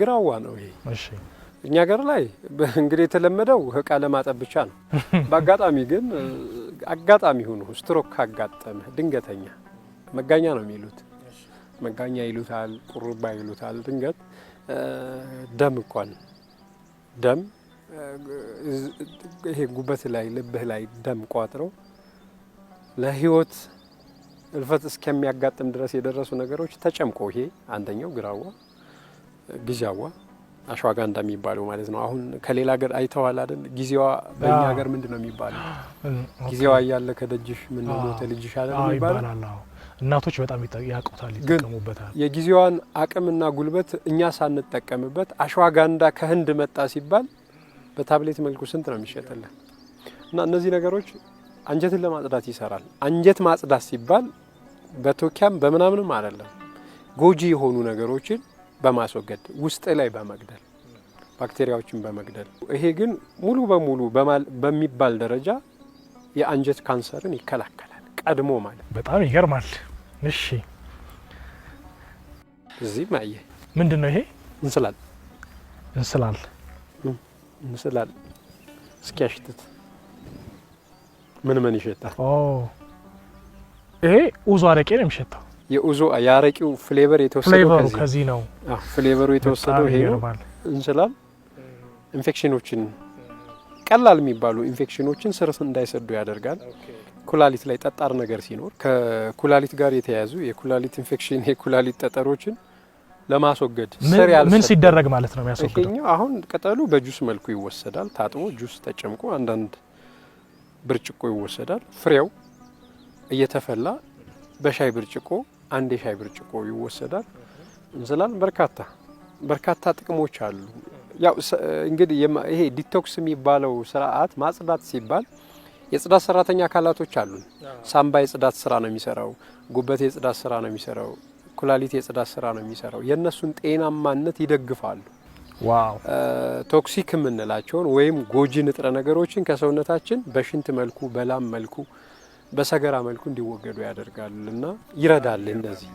ግራዋ ነው ይሄ። እኛ ሀገር ላይ እንግዲህ የተለመደው እቃ ለማጠብ ብቻ ነው። በአጋጣሚ ግን አጋጣሚ ሆኖ ስትሮክ ካጋጠመ ድንገተኛ መጋኛ ነው የሚሉት፣ መጋኛ ይሉታል፣ ቁርባ ይሉታል። ድንገት ደም እንኳን ደም ይሄ ጉበት ላይ ልብህ ላይ ደም ቋጥረው ለህይወት እልፈት እስከሚያጋጥም ድረስ የደረሱ ነገሮች ተጨምቆ ይሄ አንደኛው ግራዋ ጊዜዋ አሸዋጋንዳ የሚባለው ማለት ነው። አሁን ከሌላ ሀገር አይተዋል አይደል? ጊዜዋ በእኛ ሀገር ምንድን ነው የሚባለው? ጊዜዋ እያለ ከደጅሽ ምን ሞተ ልጅሽ አለ ይባላል። እናቶች በጣም ያውቁታል፣ ይጠቀሙበታል። የጊዜዋን አቅምና ጉልበት እኛ ሳንጠቀምበት አሸዋጋንዳ ከህንድ መጣ ሲባል በታብሌት መልኩ ስንት ነው የሚሸጥልን? እና እነዚህ ነገሮች አንጀትን ለማጽዳት ይሰራል። አንጀት ማጽዳት ሲባል በቶኪያም በምናምንም አይደለም፣ ጎጂ የሆኑ ነገሮችን በማስወገድ ውስጥ ላይ በመግደል ባክቴሪያዎችን በመግደል ይሄ ግን ሙሉ በሙሉ በሚባል ደረጃ የአንጀት ካንሰርን ይከላከላል። ቀድሞ ማለት በጣም ይገርማል። እሺ፣ እዚህ ማየ ምንድን ነው ይሄ? እንስላል እንስላል እንስላል። እስኪ ምን ምን ይሸታል? ይሄ ኡዞ አረቄ ነው የሚሸታው የኡዞ የአረቂው ፍሌቨር የተወሰደው ከዚህ ነው። ፍሌቨሩ የተወሰደው ይሄ ነው። እንስላል ኢንፌክሽኖችን ቀላል የሚባሉ ኢንፌክሽኖችን ስር እንዳይሰዱ ያደርጋል። ኩላሊት ላይ ጠጣር ነገር ሲኖር ከኩላሊት ጋር የተያያዙ የኩላሊት ኢንፌክሽን የኩላሊት ጠጠሮችን ለማስወገድ ስር ምን ሲደረግ ማለት ነው የሚያስወግደው? አሁን ቅጠሉ በጁስ መልኩ ይወሰዳል። ታጥቦ ጁስ ተጨምቆ አንዳንድ ብርጭቆ ይወሰዳል። ፍሬው እየተፈላ በሻይ ብርጭቆ አንድ የሻይ ብርጭቆ ይወሰዳል። እንስላል በርካታ በርካታ ጥቅሞች አሉ። ያው እንግዲህ ይሄ ዲቶክስ የሚባለው ስርዓት ማጽዳት ሲባል የጽዳት ሰራተኛ አካላቶች አሉ። ሳምባ የጽዳት ስራ ነው የሚሰራው፣ ጉበት የጽዳት ስራ ነው የሚሰራው፣ ኩላሊት የጽዳት ስራ ነው የሚሰራው። የእነሱን ጤናማነት ይደግፋሉ። ዋው ቶክሲክ የምንላቸውን ወይም ጎጂ ንጥረ ነገሮችን ከሰውነታችን በሽንት መልኩ በላም መልኩ በሰገራ መልኩ እንዲወገዱ ያደርጋልና ይረዳል እንደዚህ